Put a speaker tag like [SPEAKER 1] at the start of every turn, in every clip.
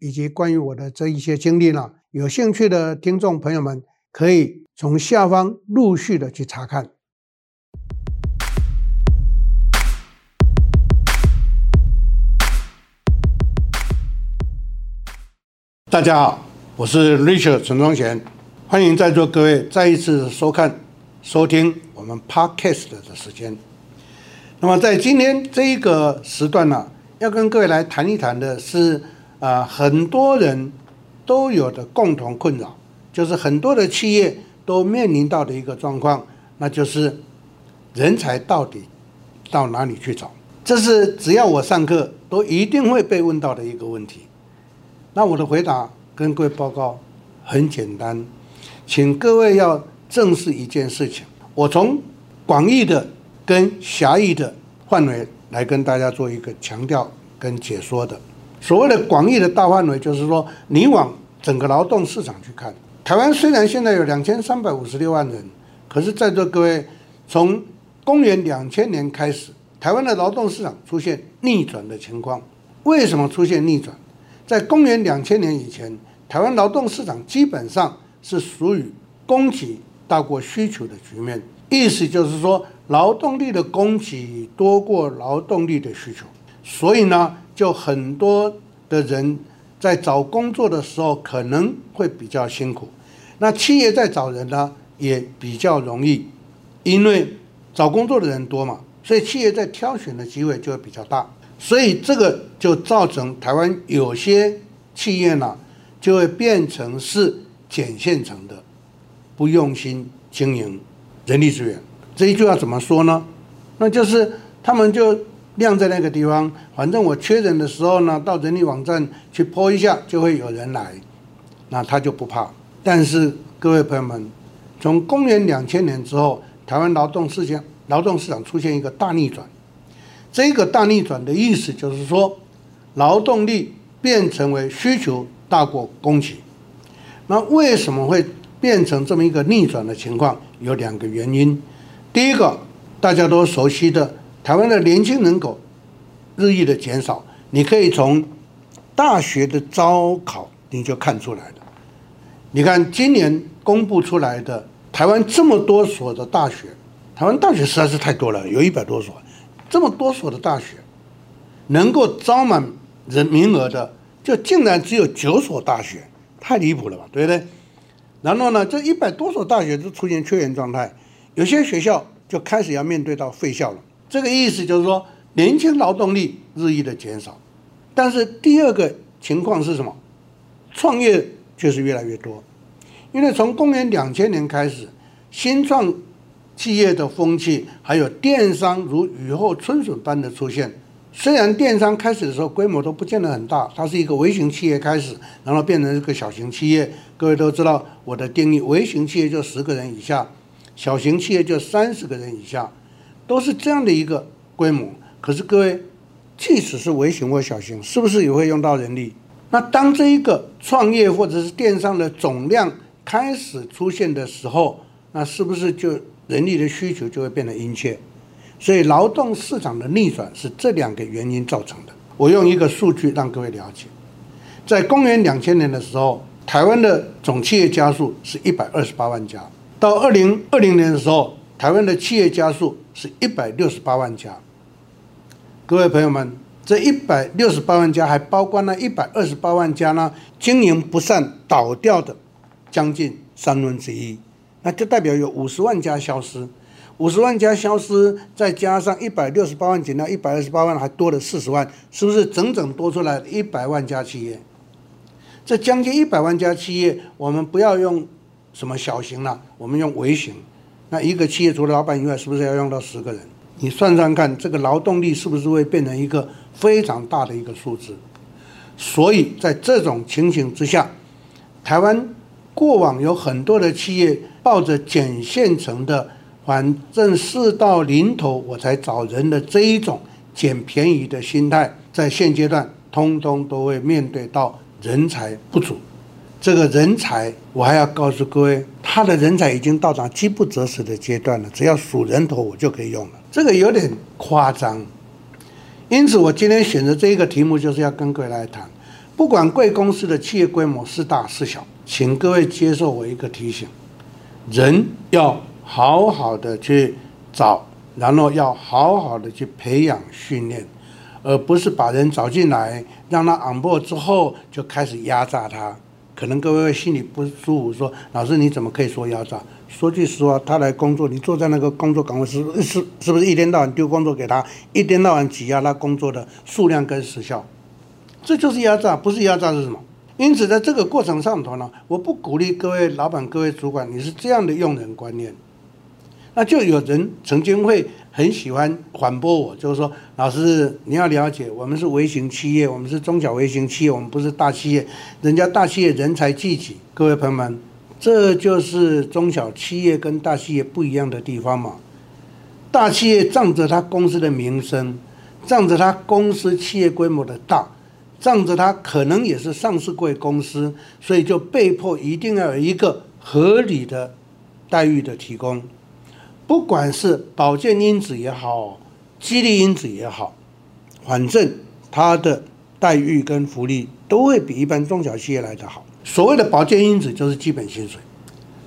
[SPEAKER 1] 以及關於我的這一些經歷呢、啊，有興趣的聽眾朋友們可以從下方陸續的去查看。大家好，我是 Richard 陳宗賢，歡迎在座各位再一次收看、收聽我們 Podcast 的時間。那麼在今天這一個時段呢、啊，要跟各位來談一談的是。啊、呃，很多人都有的共同困擾，就是很多的企業都面臨到的一個狀況，那就是人才到底到哪裡去找？這是只要我上課都一定會被問到的一個問題。那我的回答跟各位報告很簡單，請各位要正視一件事情，我從廣義的跟狹義的範圍來跟大家做一個強調跟解說的。所謂的廣義的大範圍，就是說，你往整個勞動市場去看。台灣雖然現在有兩千三百五十六萬人，可是，在座各位，從公元兩千年開始，台灣的勞動市場出現逆轉的情況。為什麼出現逆轉？在公元兩千年以前，台灣勞動市場基本上是屬於供給大過需求的局面，意思就是說，勞動力的供給多過勞動力的需求。所以呢，就很多的人在找工作的時候可能會比較辛苦，那企業在找人呢也比較容易，因為找工作的人多嘛，所以企業在挑選的機會就會比較大，所以這個就造成台灣有些企業呢就會變成是撿現成的，不用心經營人力資源，這一句話怎麼說呢？那就是他們就。晾在那個地方，反正我缺人的時候呢，到人力網站去 PO 一下，就會有人來，那他就不怕。但是各位朋友們，從公元兩千年之後，台灣勞動市場勞動市場出現一個大逆轉。這個大逆轉的意思就是說，勞動力變成為需求大過供給。那為什麼會變成這麼一個逆轉的情況？有兩個原因。第一個，大家都熟悉的。台灣的年輕人口日益的減少，你可以從大學的招考你就看出來了。你看今年公布出來的台灣這麼多所的大學，台灣大學實在是太多了，有一百多所。這麼多所的大學能夠招滿人名額的，就竟然只有九所大學，太離譜了吧，對不對？然後呢，這一百多所大學都出現缺員狀態，有些學校就開始要面對到廢校了。這個意思就是說，年輕勞動力日益的減少，但是第二個情況是什麼？創業卻是越來越多。因為從公元兩千年開始，新創企業的風氣，還有電商如雨後春筍般的出現。雖然電商開始的時候規模都不見得很大，它是一個微型企業開始，然後變成一個小型企業。各位都知道我的定義，微型企業就十個人以下，小型企業就三十個人以下。都是這樣的一個規模，可是各位，即使是微型或小型，是不是也會用到人力？那當這一個創業或者是電商的總量開始出現的時候，那是不是就人力的需求就會變得殷切？所以勞動市場的逆轉是這兩個原因造成的。我用一個數據讓各位了解，在公元兩千年的時候，台灣的總企業家數是一百二十八萬家，到二零二零年的時候，台灣的企業家數是一百六十八萬家。各位朋友們，這一百六十八萬家還包括了一百二十八萬家呢，經營不善倒掉的將近三分之一，那就代表有五十萬家消失。五十萬家消失，再加上一百六十八萬減掉一百二十八萬，還多了四十萬，是不是整整多出來一百萬家企業？這將近一百萬家企業，我們不要用什麼小型了，啊，我們用微型。那一個企業除了老闆以外，是不是要用到十個人？你算算看，這個勞動力是不是會變成一個非常大的一個數字？所以在這種情形之下，台灣過往有很多的企業抱着撿現成的，反正事到臨頭我才找人的這一種撿便宜的心態，在現階段通通都會面對到人才不足。這個人才，我還要告訴各位，他的人才已經到達飢不擇食的階段了。只要數人頭，我就可以用了，這個有點誇張。因此，我今天選擇這一個題目，就是要跟各位來談。不管貴公司的企業規模是大是小，請各位接受我一個提醒，人要好好的去找，然後要好好的去培養訓練，而不是把人找進來，讓他昂 n 之後就開始壓榨他。可能各位心裡不舒服說，說老師，你怎麼可以說壓榨？說句實話，他來工作，你坐在那個工作崗位是是是，是不是一天到晚丟工作給他，一天到晚擠壓他工作的數量跟時效？這就是壓榨，不是壓榨是什麼？因此在這個過程上頭呢，我不鼓勵各位老板、各位主管，你是這樣的用人觀念。那就有人曾經會很喜歡反駁我，就是說老師你要了解，我們是微型企業，我們是中小微型企業，我們不是大企業。人家大企業人才濟濟。各位朋友們，這就是中小企業跟大企業不一樣的地方嘛。大企業仗着他公司的名聲，仗着他公司企業規模的大，仗着他可能也是上市櫃公司，所以就被迫一定要有一個合理的待遇的提供。不管是保健因子也好，激勵因子也好，反正它的待遇跟福利都會比一般中小企業來得好。所謂的保健因子就是基本薪水，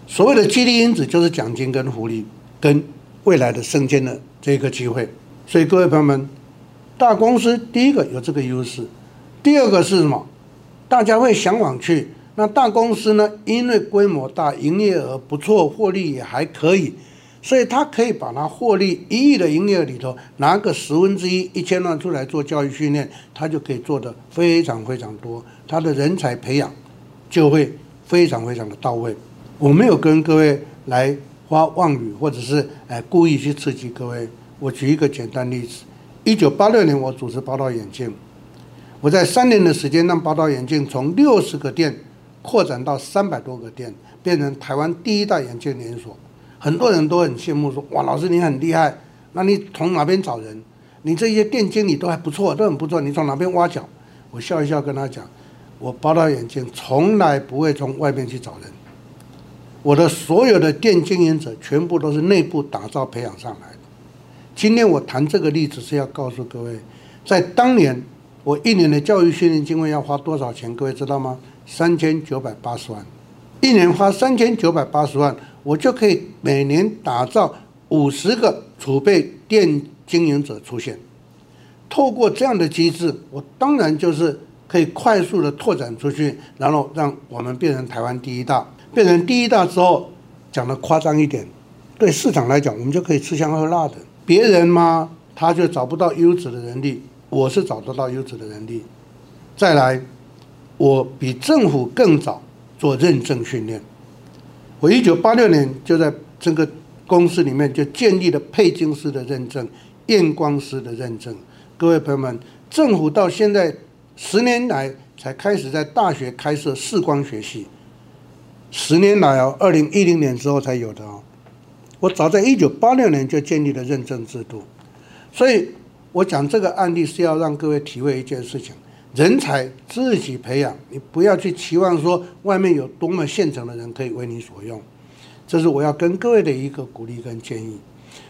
[SPEAKER 1] 所謂的激勵因子就是獎金跟福利跟未來的升遷的這個機會。所以各位朋友們，大公司第一個有這個優勢，第二個是什麼？大家會嚮往去。那大公司呢，因為規模大，營業額不錯，獲利也還可以。所以他可以把他獲利一億的營業額裡頭拿個十分之一，一千萬出來做教育訓練，他就可以做得非常非常多，他的人才培養就會非常非常的到位。我沒有跟各位來花妄語，或者是哎故意去刺激各位。我舉一個簡單例子：一九八六年，我主持寶島眼鏡，我在三年的時間讓寶島眼鏡從六十個店擴展到三百多個店，變成台灣第一大眼鏡連鎖。很多人都很羨慕說，說哇，老師你很厲害，那你從哪邊找人？你這些店經理都還不錯，都很不錯，你從哪邊挖角？我笑一笑跟他講，我寶島眼鏡從來不會從外面去找人，我的所有的店經營者全部都是內部打造培養上來的。今天我談這個例子是要告訴各位，在當年我一年的教育訓練經費要花多少錢？各位知道嗎？三千九百八十萬，一年花三千九百八十萬。我就可以每年打造五十個儲備店經營者出現。透過這樣的機制，我當然就是可以快速的拓展出去，然後讓我們變成台灣第一大，變成第一大之後，講得誇張一點，對市場來講，我們就可以吃香喝辣的，別人嘛，他就找不到優質的人力，我是找得到優質的人力。再來，我比政府更早做認證訓練。我一九八六年就在這個公司裡面就建立了配鏡師的認證、驗光師的認證。各位朋友們，政府到現在十年來才開始在大學開設視光學系，十年來哦，二零一零年之後才有的哦。我早在一九八六年就建立了認證制度，所以我講這個案例是要讓各位體會一件事情。人才自己培養，你不要去期望說外面有多麼現成的人可以為你所用，這是我要跟各位的一個鼓勵跟建議。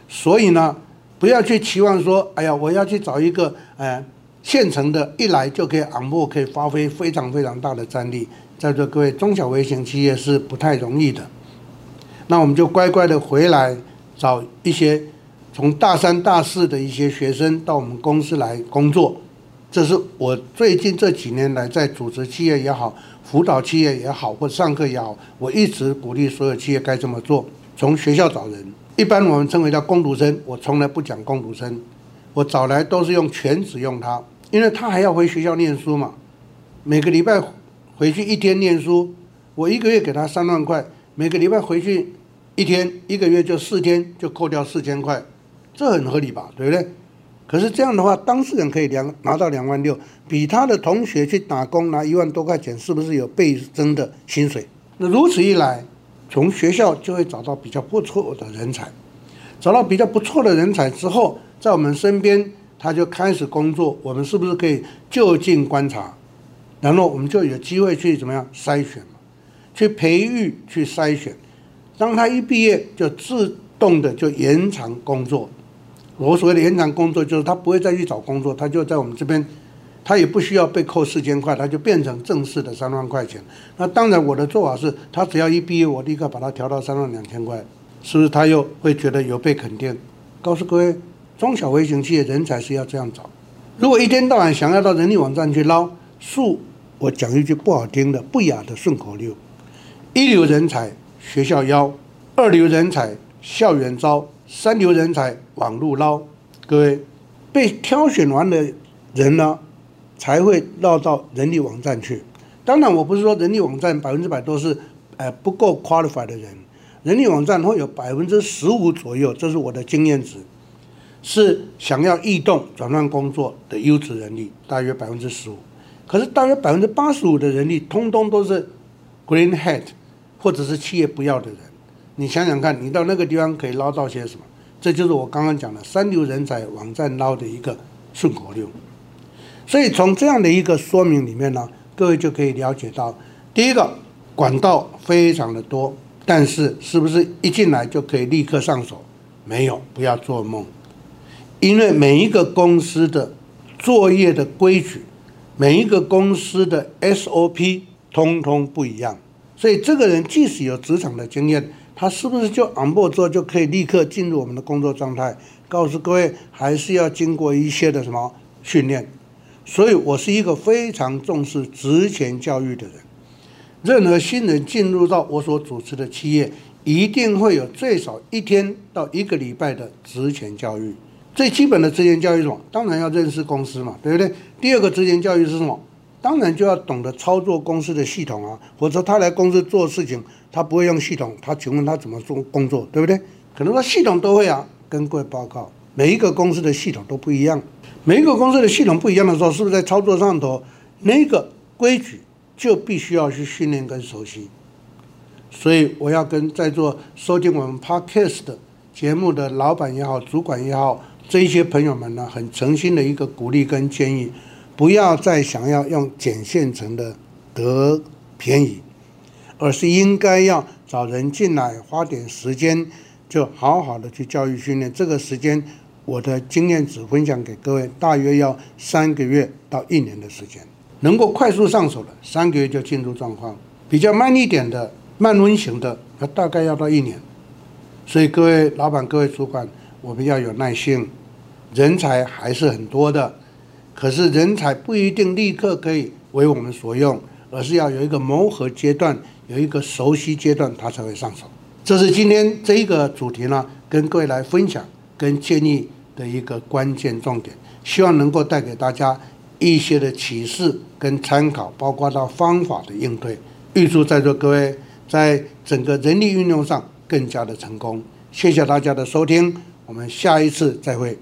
[SPEAKER 1] 所以呢，不要去期望說，哎呀，我要去找一個呃現成的，一來就可以昂 n 可以發揮非常非常大的戰力。在座各位中小微型企業是不太容易的，那我們就乖乖的回來找一些從大三大四的一些學生到我們公司來工作。這是我最近這幾年來在組織企業也好，輔導企業也好，或上課也好，我一直鼓勵所有企業該這麼做，從學校找人，一般我們稱為叫工讀生。我從來不講工讀生，我找來都是用全職用他，因為他還要回學校念書嘛，每個禮拜回去一天念書，我一個月給他三萬塊，每個禮拜回去一天，一個月就四天就扣掉四千塊，這很合理吧，對不對？可是這樣的話，當事人可以兩拿到兩萬六，比他的同學去打工拿一萬多塊錢，是不是有倍增的薪水？那如此一來，從學校就會找到比較不錯的人才，找到比較不錯的人才之後，在我們身邊他就開始工作，我們是不是可以就近觀察，然後我們就有機會去怎麼樣篩選，去培育，去篩選，當他一畢業就自動的就延長工作。我所謂的延長工作，就是他不會再去找工作，他就在我們這邊，他也不需要被扣四千塊，他就變成正式的三萬塊錢。那當然，我的做法是，他只要一畢業，我立刻把他調到三萬兩千塊，是不是？他又會覺得有被肯定。告訴各位，中小微型企業人才是要這樣找。如果一天到晚想要到人力網站去撈數，我講一句不好聽的、不雅的順口溜：一流人才學校邀，二流人才校園招。三流人才網路撈。各位被挑選完的人呢，才會撈到人力網站去。當然，我不是說人力網站百分之百都是，呃，不夠 qualified 的人。人力網站會有百分之十五左右，這是我的經驗值，是想要異動、轉換工作的優質人力，大約百分之十五。可是，大約百分之八十五的人力，通通都是 green hand，或者是企業不要的人。你想想看，你到那個地方可以撈到些什麼？這就是我剛剛講的三流人才網站撈的一個順口溜。所以從這樣的一個說明裡面呢，各位就可以了解到，第一個管道，非常的多，但是是不是一進來就可以立刻上手？沒有，不要做夢。因為每一個公司的作業的規矩，每一個公司的 SOP 通通不一樣，所以這個人即使有職場的經驗。他是不是就 on board 之後，就可以立刻進入我們的工作狀態？告訴各位，還是要經過一些的什麼訓練。所以我是一個非常重視職前教育的人。任何新人進入到我所主持的企業，一定會有最少一天到一個禮拜的職前教育。最基本的職前教育是什麼？當然要認識公司嘛，對不對？第二個職前教育是什麼？當然就要懂得操作公司的系統啊，或者說他來公司做事情。他不會用系統，他請問他怎麼做工作，對不對？可能說系統都會啊，跟各位報告。每一個公司的系統都不一樣，每一個公司的系統不一樣的時候，是不是在操作上頭那個規矩就必須要去訓練跟熟悉？所以我要跟在座收聽我們 Podcast 節目的老板也好、主管也好，這一些朋友們呢，很誠心的一個鼓勵跟建議，不要再想要用撿現成的得便宜。而是應該要找人進來，花點時間，就好好的去教育訓練。這個時間，我的經驗只分享給各位，大約要三個月到一年的時間，能夠快速上手的，三個月就進入狀況；比較慢一點的，慢溫型的，大概要到一年。所以各位老板、各位主管，我們要有耐心。人才還是很多的，可是人才不一定立刻可以為我們所用。而是要有一個磨合階段，有一個熟悉階段，它才會上手。這是今天這一個主題呢，跟各位來分享、跟建議的一個關鍵重點，希望能夠帶給大家一些的啟示跟參考，包括到方法的應對。預祝在座各位在整個人力運用上更加的成功。謝謝大家的收聽，我們下一次再會。